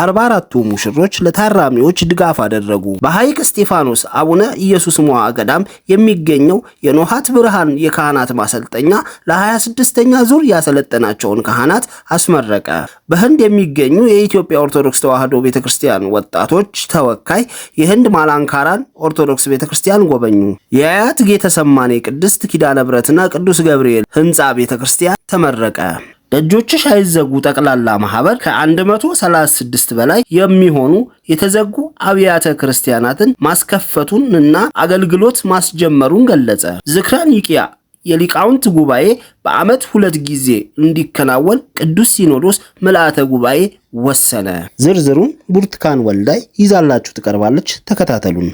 አርባ አራቱ ሙሽሮች ለታራሚዎች ድጋፍ አደረጉ። በሐይቅ እስጢፋኖስ አቡነ ኢየሱስ ሞዐ ገዳም የሚገኘው የኖሃት ብርሃን የካህናት ማሰልጠኛ ለ26ኛ ዙር ያሰለጠናቸውን ካህናት አስመረቀ። በህንድ የሚገኙ የኢትዮጵያ ኦርቶዶክስ ተዋሕዶ ቤተክርስቲያን ወጣቶች ተወካይ የህንድ ማላንካራን ኦርቶዶክስ ቤተክርስቲያን ጎበኙ። የአያት ጌተሰማኔ ቅድስት ኪዳነ ብረትና ቅዱስ ገብርኤል ህንፃ ቤተክርስቲያን ተመረቀ። ደጆችሽ አይዘጉ ጠቅላላ ማህበር ከ136 በላይ የሚሆኑ የተዘጉ አብያተ ክርስቲያናትን ማስከፈቱን እና አገልግሎት ማስጀመሩን ገለጸ። ዝክረ ኒቂያ የሊቃውንት ጉባኤ በዓመት ሁለት ጊዜ እንዲከናወን ቅዱስ ሲኖዶስ ምልአተ ጉባኤ ወሰነ። ዝርዝሩን ብርቱካን ወልዳይ ይዛላችሁ ትቀርባለች። ተከታተሉን።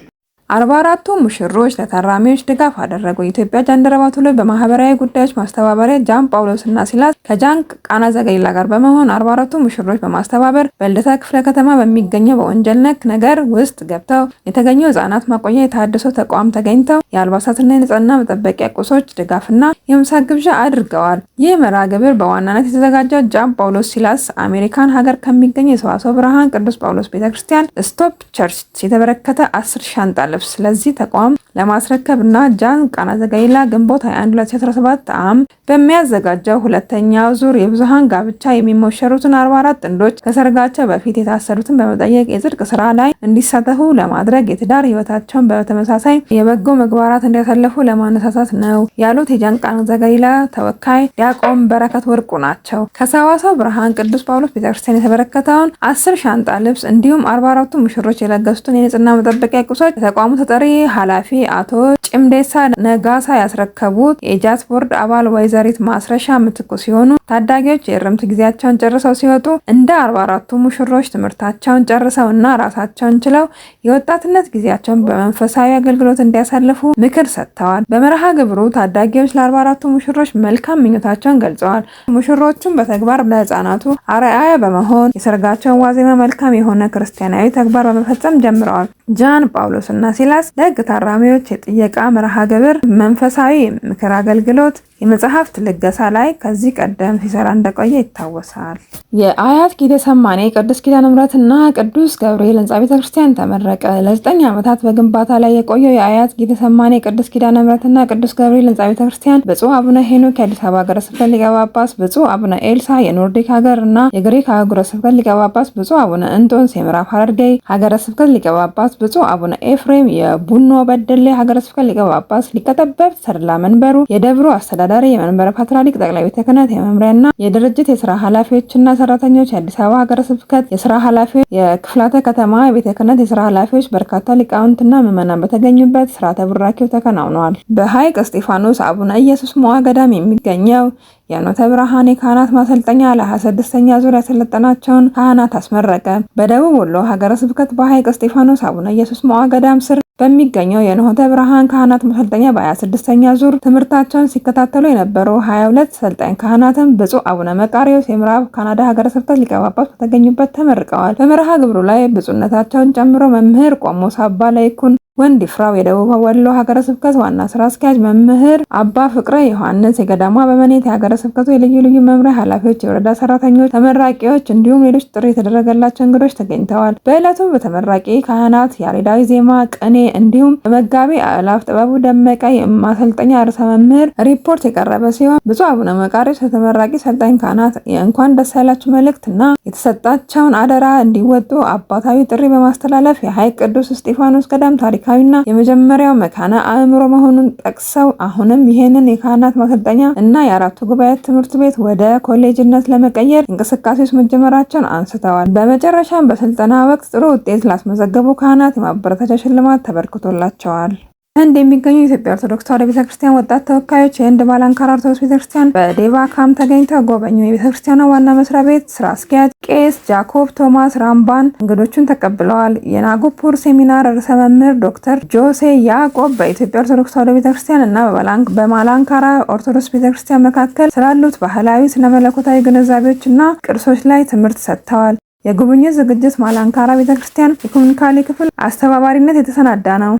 አርባ አራቱ ሙሽሮች ለታራሚዎች ድጋፍ አደረጉ። የኢትዮጵያ ጃንደረባ ቱሉ በማህበራዊ ጉዳዮች ማስተባበሪያ ጃን እና ሲላስ ከጃን ቃና ዘገሊላ ጋር በመሆን አርባ አራቱ ሙሽሮች በማስተባበር በልደታ ክፍለ ከተማ በሚገኘው በወንጀል ነክ ነገር ውስጥ ገብተው የተገኙ ህጻናት ማቆያ የተሃድሶ ተቋም ተገኝተው የአልባሳትና የንጽህና መጠበቂያ ቁሶች ድጋፍና የምሳ ግብዣ አድርገዋል። ይህ መርሃ ግብር በዋናነት የተዘጋጀው ጃን ጳውሎስ ሲላስ አሜሪካን ሀገር ከሚገኘ የሰዋሰው ብርሃን ቅዱስ ጳውሎስ ቤተክርስቲያን ስቶፕ ቸርች የተበረከተ አስር ሻንጣ ስለዚህ ተቋም ለማስረከብ እና ጃን ቃና ዘገሊላ ግንቦት 21 2017 ዓ.ም በሚያዘጋጀው ሁለተኛው ዙር የብዙሃን ጋብቻ የሚሞሸሩትን 44 ጥንዶች ከሰርጋቸው በፊት የታሰሩትን በመጠየቅ የጽድቅ ስራ ላይ እንዲሳተፉ ለማድረግ የትዳር ህይወታቸውን በተመሳሳይ የበጎ ምግባራት እንዲያሳለፉ ለማነሳሳት ነው ያሉት የጃን ቃና ዘገሊላ ተወካይ ዲያቆን በረከት ወርቁ ናቸው። ከሰዋሰው ብርሃን ቅዱስ ጳውሎስ ቤተክርስቲያን የተበረከተውን አስር ሻንጣ ልብስ እንዲሁም 44ቱ ሙሽሮች የለገሱትን የንጽህና መጠበቂያ ቁሶች የተቋሙ ተጠሪ ኃላፊ አቶ ጭምዴሳ ነጋሳ ያስረከቡት የጃት ቦርድ አባል ወይዘሪት ማስረሻ ምትኩ ሲሆኑ ታዳጊዎች የእርምት ጊዜያቸውን ጨርሰው ሲወጡ እንደ አርባ አራቱ ሙሽሮች ትምህርታቸውን ጨርሰው እና ራሳቸውን ችለው የወጣትነት ጊዜያቸውን በመንፈሳዊ አገልግሎት እንዲያሳልፉ ምክር ሰጥተዋል። በመርሃ ግብሩ ታዳጊዎች ለአርባ አራቱ ሙሽሮች መልካም ምኞታቸውን ገልጸዋል። ሙሽሮቹም በተግባር ለህፃናቱ አርአያ በመሆን የሰርጋቸውን ዋዜማ መልካም የሆነ ክርስቲያናዊ ተግባር በመፈጸም ጀምረዋል። ጃን ጳውሎስ እና ሲላስ ለህግ ታራሚዎች የጥየቃ መርሃ ግብር መንፈሳዊ ምክር አገልግሎት የመጽሐፍት ልገሳ ላይ ከዚህ ቀደም ሲሰራ እንደቆየ ይታወሳል። የአያት ኪደ ሰማኔ ቅዱስ ኪዳነ ምሕረትና ቅዱስ ገብርኤል ህንፃ ቤተ ክርስቲያን ተመረቀ። ለዘጠኝ ዓመታት በግንባታ ላይ የቆየው የአያት ጌተሰማኔ ሰማኔ ቅዱስ ኪዳነ ምሕረትና ቅዱስ ገብርኤል ህንፃ ቤተ ክርስቲያን ብፁዕ አቡነ ሄኖክ የአዲስ አበባ ሀገረ ስብከት ሊቀ ጳጳስ፣ ብፁዕ አቡነ ኤልሳ የኖርዲክ ሀገር እና የግሪክ ሀገረ ስብከት ሊቀ ጳጳስ፣ ብፁዕ አቡነ እንጦንስ የምዕራብ ሐረርጌ ሀገረ ስብከት ሊቀ ጳጳስ፣ ብፁዕ አቡነ ኤፍሬም የቡኖ በደሌ ሀገረ ስብከት ሊቀ ጳጳስ፣ ሊቀ ጠበብት መንበሩ የደብሩ አስተዳደ አስተዳዳሪ፣ የመንበረ ፓትርያርክ ጠቅላይ ቤተ ክህነት የመምሪያና የድርጅት የስራ ኃላፊዎችና ሰራተኞች፣ የአዲስ አበባ ሀገረ ስብከት የስራ ኃላፊዎች፣ የክፍላተ ከተማ የቤተ ክህነት የስራ ኃላፊዎች፣ በርካታ ሊቃውንትና ምዕመናን በተገኙበት ስርዓተ ቡራኬው ተከናውነዋል። በሐይቅ እስጢፋኖስ አቡነ ኢየሱስ መዋ ገዳም የሚገኘው ያኖተ ብርሃን የካህናት ማሰልጠኛ ለ26ኛ ዙር ያሰለጠናቸውን ካህናት አስመረቀ። በደቡብ ወሎ ሀገረ ስብከት በሐይቅ እስጢፋኖስ አቡነ ኢየሱስ መዋገዳም ገዳም ስር በሚገኘው የኖተ ብርሃን ካህናት ማሰልጠኛ በ26ኛ ዙር ትምህርታቸውን ሲከታተሉ የነበሩ 22 ሰልጣኝ ካህናትም ብፁዕ አቡነ መቃሪዎስ የምዕራብ ካናዳ ሀገረ ስብከት ሊቀ ጳጳስ በተገኙበት ተመርቀዋል። በመርሃ ግብሩ ላይ ብፁዕነታቸውን ጨምሮ መምህር ቆሞስ አባ ላይኩን ወንድ ፍራው የደቡብ ወሎ ሀገረ ስብከት ዋና ስራ አስኪያጅ፣ መምህር አባ ፍቅረ ዮሐንስ፣ የገዳማ በመኔት የሀገረ ስብከቱ የልዩ ልዩ መምሪያ ኃላፊዎች፣ የወረዳ ሰራተኞች፣ ተመራቂዎች እንዲሁም ሌሎች ጥሪ የተደረገላቸው እንግዶች ተገኝተዋል። በዕለቱ በተመራቂ ካህናት ያሬዳዊ ዜማ፣ ቅኔ እንዲሁም በመጋቢ አእላፍ ጥበቡ ደመቀ የማሰልጠኛ ርዕሰ መምህር ሪፖርት የቀረበ ሲሆን ብፁዕ አቡነ መቃሪስ ለተመራቂ ሰልጣኝ ካህናት የእንኳን ደስ ያላችሁ መልእክትና የተሰጣቸውን አደራ እንዲወጡ አባታዊ ጥሪ በማስተላለፍ የሐይቅ ቅዱስ እስጢፋኖስ ገዳም ታሪክ ታሪካዊና የመጀመሪያው መካነ አእምሮ መሆኑን ጠቅሰው አሁንም ይህንን የካህናት ማሰልጠኛ እና የአራቱ ጉባኤ ትምህርት ቤት ወደ ኮሌጅነት ለመቀየር እንቅስቃሴዎች መጀመራቸውን አንስተዋል። በመጨረሻም በስልጠና ወቅት ጥሩ ውጤት ላስመዘገቡ ካህናት የማበረታቻ ሽልማት ተበርክቶላቸዋል። ህንድ የሚገኙ የኢትዮጵያ ኦርቶዶክስ ተዋሕዶ ቤተክርስቲያን ወጣት ተወካዮች የህንድ ባላንካራ ኦርቶዶክስ ቤተክርስቲያን በዴቫካም ተገኝተው ጎበኙ። የቤተክርስቲያኗ ዋና መስሪያ ቤት ስራ አስኪያጅ ቄስ ጃኮብ ቶማስ ራምባን እንግዶቹን ተቀብለዋል። የናጉፑር ሴሚናር ርዕሰ መምህር ዶክተር ጆሴ ያዕቆብ በኢትዮጵያ ኦርቶዶክስ ተዋሕዶ ቤተክርስቲያን እና በማላንካራ ኦርቶዶክስ ቤተክርስቲያን መካከል ስላሉት ባህላዊ ስነ መለኮታዊ ግንዛቤዎች እና ቅርሶች ላይ ትምህርት ሰጥተዋል። የጉብኝት ዝግጅት ማላንካራ ቤተክርስቲያን የኮሚኒካሊ ክፍል አስተባባሪነት የተሰናዳ ነው።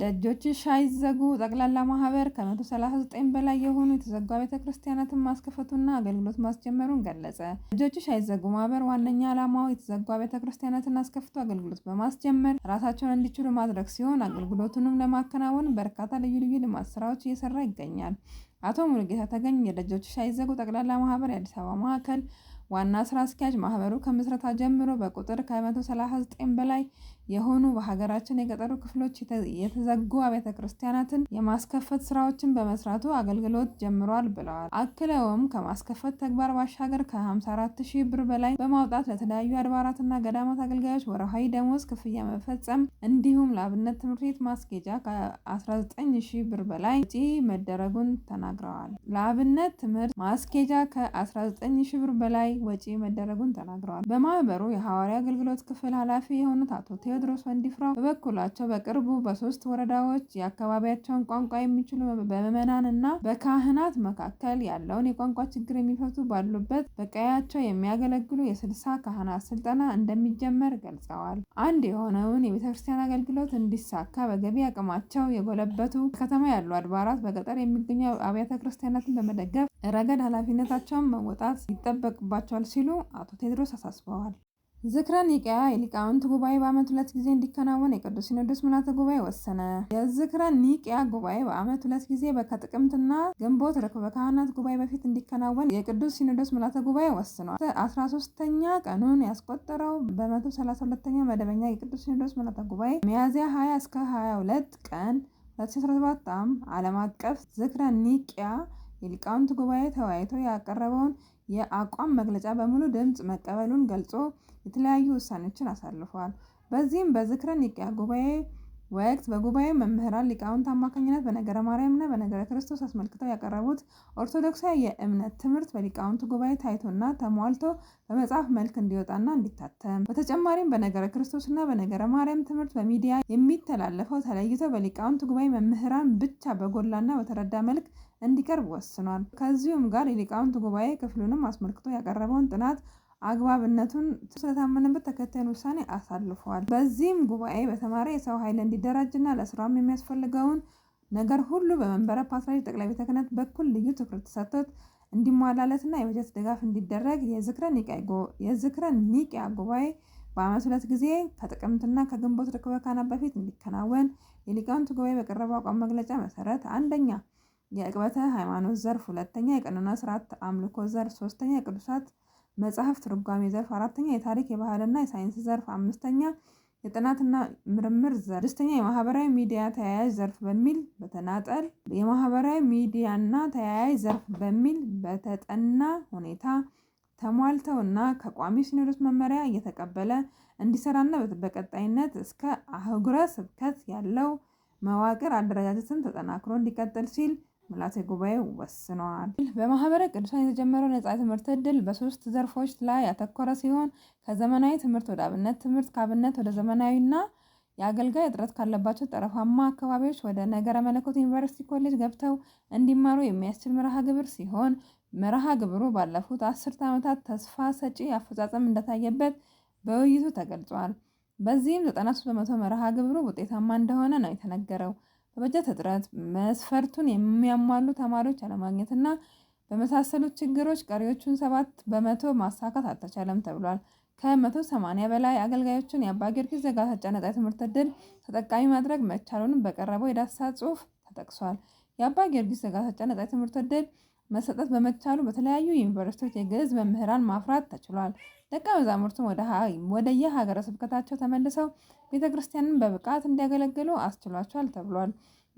ደጆችሽ አይዘጉ ጠቅላላ ማህበር ከ139 በላይ የሆኑ የተዘጉ ቤተ ክርስቲያናትን ማስከፈቱና አገልግሎት ማስጀመሩን ገለጸ። ደጆችሽ አይዘጉ ማህበር ዋነኛ ዓላማው የተዘጉ ቤተ ክርስቲያናትን አስከፍቶ አገልግሎት በማስጀመር ራሳቸውን እንዲችሉ ማድረግ ሲሆን አገልግሎቱንም ለማከናወን በርካታ ልዩ ልዩ ልማት ስራዎች እየሰራ ይገኛል። አቶ ሙሉጌታ ተገኝ የደጆችሽ አይዘጉ ጠቅላላ ማህበር የአዲስ አበባ ማዕከል ዋና ስራ አስኪያጅ ማህበሩ ከምስረታ ጀምሮ በቁጥር ከ139 በላይ የሆኑ በሀገራችን የገጠሩ ክፍሎች የተዘጉ አብያተ ክርስቲያናትን የማስከፈት ስራዎችን በመስራቱ አገልግሎት ጀምሯል ብለዋል። አክለውም ከማስከፈት ተግባር ባሻገር ከ54 ሺህ ብር በላይ በማውጣት ለተለያዩ አድባራትና ገዳማት አገልጋዮች ወረሃዊ ደሞዝ ክፍያ መፈጸም እንዲሁም ለአብነት ትምህርት ቤት ማስጌጃ ከ19 ሺህ ብር በላይ ወጪ መደረጉን ተናግረዋል። ለአብነት ትምህርት ማስጌጃ ከ19 ሺህ ብር በላይ ወጪ መደረጉን ተናግረዋል። በማህበሩ የሐዋሪ አገልግሎት ክፍል ኃላፊ የሆኑት አቶ ቴዎድሮስ ወንዲፍራው በበኩላቸው በቅርቡ በሶስት ወረዳዎች የአካባቢያቸውን ቋንቋ የሚችሉ በምዕመናን እና በካህናት መካከል ያለውን የቋንቋ ችግር የሚፈቱ ባሉበት በቀያቸው የሚያገለግሉ የስልሳ ካህናት ስልጠና እንደሚጀመር ገልጸዋል። አንድ የሆነውን የቤተክርስቲያን አገልግሎት እንዲሳካ በገቢ አቅማቸው የጎለበቱ ከተማ ያሉ አድባራት በገጠር የሚገኙ አብያተ ክርስቲያናትን በመደገፍ ረገድ ኃላፊነታቸውን መወጣት ይጠበቅባቸዋል ይገባቸዋል ሲሉ አቶ ቴዎድሮስ አሳስበዋል። ዝክረ ኒቅያ የሊቃውንት ጉባኤ በዓመት ሁለት ጊዜ እንዲከናወን የቅዱስ ሲኖዶስ ምልዓተ ጉባኤ ወሰነ። የዝክረ ኒቅያ ጉባኤ በዓመት ሁለት ጊዜ ከጥቅምትና ግንቦት ርክበ ካህናት ጉባኤ በፊት እንዲከናወን የቅዱስ ሲኖዶስ ምልዓተ ጉባኤ ወስኗል። 13ኛ ቀኑን ያስቆጠረው በ ሰላሳ ሁለተኛ መደበኛ የቅዱስ ሲኖዶስ ምልዓተ ጉባኤ ሚያዝያ 20 እስከ 22 ቀን 2017 ዓም ዓለም አቀፍ ዝክረ ኒቅያ የሊቃውንት ጉባኤ ተወያይቶ ያቀረበውን የአቋም መግለጫ በሙሉ ድምፅ መቀበሉን ገልጾ የተለያዩ ውሳኔዎችን አሳልፏል። በዚህም በዝክረ ኒቅያ ጉባኤ ወቅት በጉባኤ መምህራን ሊቃውንት አማካኝነት በነገረ ማርያምና በነገረ ክርስቶስ አስመልክተው ያቀረቡት ኦርቶዶክሳዊ የእምነት ትምህርት በሊቃውንት ጉባኤ ታይቶና ተሟልቶ በመጽሐፍ መልክ እንዲወጣና እንዲታተም በተጨማሪም በነገረ ክርስቶስና በነገረ ማርያም ትምህርት በሚዲያ የሚተላለፈው ተለይቶ በሊቃውንት ጉባኤ መምህራን ብቻ በጎላና በተረዳ መልክ እንዲቀርብ ወስኗል። ከዚሁም ጋር የሊቃውንት ጉባኤ ክፍሉንም አስመልክቶ ያቀረበውን ጥናት አግባብነቱን ስለታመነበት ተከታዩን ውሳኔ አሳልፏል። በዚህም ጉባኤ በተማሪ የሰው ኃይል እንዲደራጅና ለስራም የሚያስፈልገውን ነገር ሁሉ በመንበረ ፓትርያርክ ጠቅላይ ቤተ ክህነት በኩል ልዩ ትኩረት ተሰጥቶት እንዲሟላለትና የበጀት ድጋፍ እንዲደረግ የዝክረ ኒቅያ ጉባኤ በዓመት ሁለት ጊዜ ከጥቅምትና ከግንቦት ርክበ ካህናት በፊት እንዲከናወን የሊቃውንት ጉባኤ በቀረበው አቋም መግለጫ መሰረት አንደኛ የእቅበተ ሃይማኖት ዘርፍ፣ ሁለተኛ የቀኖና ስርዓት አምልኮ ዘርፍ፣ ሶስተኛ የቅዱሳት መጽሐፍ ትርጓሜ ዘርፍ፣ አራተኛ የታሪክ የባህልና የሳይንስ ዘርፍ፣ አምስተኛ የጥናትና ምርምር ዘርፍ፣ ስድስተኛ የማህበራዊ ሚዲያ ተያያዥ ዘርፍ በሚል በተናጠል የማህበራዊ ሚዲያና ተያያዥ ዘርፍ በሚል በተጠና ሁኔታ ተሟልተው እና ከቋሚ ሲኖዶስ መመሪያ እየተቀበለ እንዲሰራና በቀጣይነት እስከ አህጉረ ስብከት ያለው መዋቅር አደረጃጀትን ተጠናክሮ እንዲቀጥል ሲል ምልዓተ ጉባኤ ወስኗል። በማህበረ ቅዱሳን የተጀመረው ነጻ የትምህርት እድል በሶስት ዘርፎች ላይ ያተኮረ ሲሆን ከዘመናዊ ትምህርት ወደ አብነት ትምህርት፣ ከአብነት ወደ ዘመናዊና የአገልጋይ እጥረት ካለባቸው ጠረፋማ አካባቢዎች ወደ ነገረ መለኮት ዩኒቨርሲቲ ኮሌጅ ገብተው እንዲማሩ የሚያስችል መርሃ ግብር ሲሆን መርሃ ግብሩ ባለፉት አስርተ ዓመታት ተስፋ ሰጪ አፈጻጸም እንደታየበት በውይይቱ ተገልጿል። በዚህም 93 በመቶ መርሃ ግብሩ ውጤታማ እንደሆነ ነው የተነገረው። በበጀት እጥረት መስፈርቱን የሚያሟሉ ተማሪዎች አለማግኘትና በመሳሰሉት ችግሮች ቀሪዎቹን ሰባት በመቶ ማሳካት አልተቻለም ተብሏል። ከ180 በላይ አገልጋዮችን የአባ ጊዮርጊስ ዘጋስጫ ነፃ የትምህርት ዕድል ተጠቃሚ ማድረግ መቻሉንም በቀረበው የዳሳ ጽሑፍ ተጠቅሷል። የአባ ጊዮርጊስ ዘጋስጫ ነፃ የትምህርት ዕድል መሰጠት በመቻሉ በተለያዩ ዩኒቨርሲቲዎች የግዕዝ መምህራን ማፍራት ተችሏል። ደቀ መዛሙርቱም ወደየ ሀገረ ስብከታቸው ተመልሰው ቤተ ክርስቲያንን በብቃት እንዲያገለግሉ አስችሏቸዋል ተብሏል።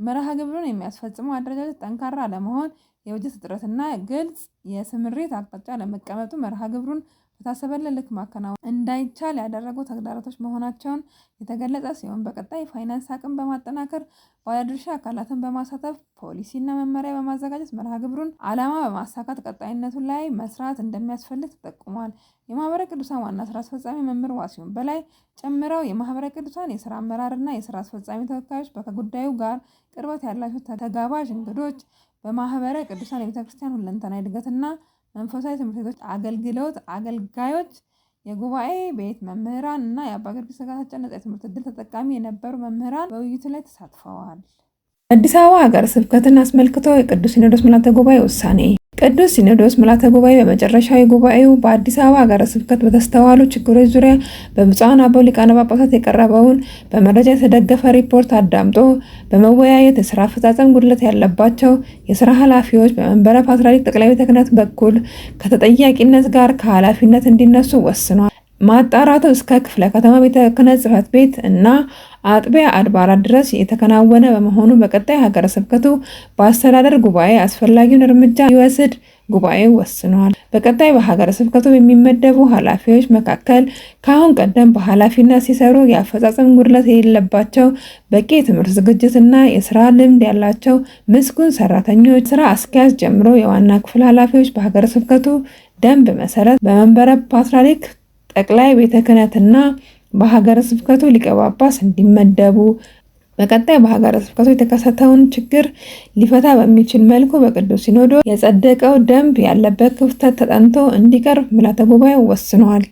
መርሃ ግብሩን የሚያስፈጽመው አደረጃጀት ጠንካራ ለመሆን የበጀት እጥረትና ግልጽ የስምሪት አቅጣጫ ለመቀመጡ መርሃ ግብሩን በታሰበለት ልክ ማከናወን እንዳይቻል ያደረጉ ተግዳሮቶች መሆናቸውን የተገለጸ ሲሆን በቀጣይ የፋይናንስ አቅም በማጠናከር ባለድርሻ አካላትን በማሳተፍ ፖሊሲና መመሪያ በማዘጋጀት መርሃ ግብሩን ዓላማ በማሳካት ቀጣይነቱ ላይ መስራት እንደሚያስፈልግ ተጠቁሟል። የማህበረ ቅዱሳን ዋና ስራ አስፈጻሚ መምህር ዋሲሁን በላይ ጨምረው የማህበረ ቅዱሳን የስራ አመራርና የስራ አስፈጻሚ ተወካዮች ከጉዳዩ ጋር ቅርበት ያላቸው ተጋባዥ እንግዶች በማህበረ ቅዱሳን የቤተክርስቲያን ሁለንተና እድገትና መንፈሳዊ ትምህርት ቤቶች አገልግሎት አገልጋዮች የጉባኤ ቤት መምህራን እና የአባ ጊዮርጊስ አጋታቸው ነጻ የትምህርት እድል ተጠቃሚ የነበሩ መምህራን በውይይቱ ላይ ተሳትፈዋል። አዲስ አበባ ሀገረ ስብከትን አስመልክቶ የቅዱስ ሲኖዶስ ምልዓተ ጉባኤ ውሳኔ ቅዱስ ሲኖዶስ ምልዓተ ጉባኤ በመጨረሻዊ ጉባኤው በአዲስ አበባ ሀገረ ስብከት በተስተዋሉ ችግሮች ዙሪያ በብፁዓን አበው ሊቃነ ጳጳሳት የቀረበውን በመረጃ የተደገፈ ሪፖርት አዳምጦ በመወያየት የስራ አፈጻጸም ጉድለት ያለባቸው የስራ ኃላፊዎች በመንበረ ፓትርያርክ ጠቅላይ ቤተ ክህነት በኩል ከተጠያቂነት ጋር ከኃላፊነት እንዲነሱ ወስኗል። ማጣራቱ እስከ ክፍለ ከተማ ቤተ ክህነት ጽሕፈት ቤት እና አጥቢያ አድባራት ድረስ የተከናወነ በመሆኑ በቀጣይ ሀገረ ስብከቱ በአስተዳደር ጉባኤ አስፈላጊውን እርምጃ ይወስድ ጉባኤው ወስኗል። በቀጣይ በሀገረ ስብከቱ የሚመደቡ ኃላፊዎች መካከል ከአሁን ቀደም በኃላፊነት ሲሰሩ የአፈጻጸም ጉድለት የሌለባቸው በቂ የትምህርት ዝግጅትና የስራ ልምድ ያላቸው ምስጉን ሰራተኞች ስራ አስኪያጅ ጀምሮ የዋና ክፍል ኃላፊዎች በሀገረ ስብከቱ ደንብ መሰረት በመንበረ ፓትርያርክ ጠቅላይ ቤተ ክህነትና በሀገረ ስብከቱ ሊቀ ጳጳስ እንዲመደቡ በቀጣይ በሀገረ ስብከቱ የተከሰተውን ችግር ሊፈታ በሚችል መልኩ በቅዱስ ሲኖዶ የጸደቀው ደንብ ያለበት ክፍተት ተጠንቶ እንዲቀርብ ምልዓተ ጉባኤው ወስኗል።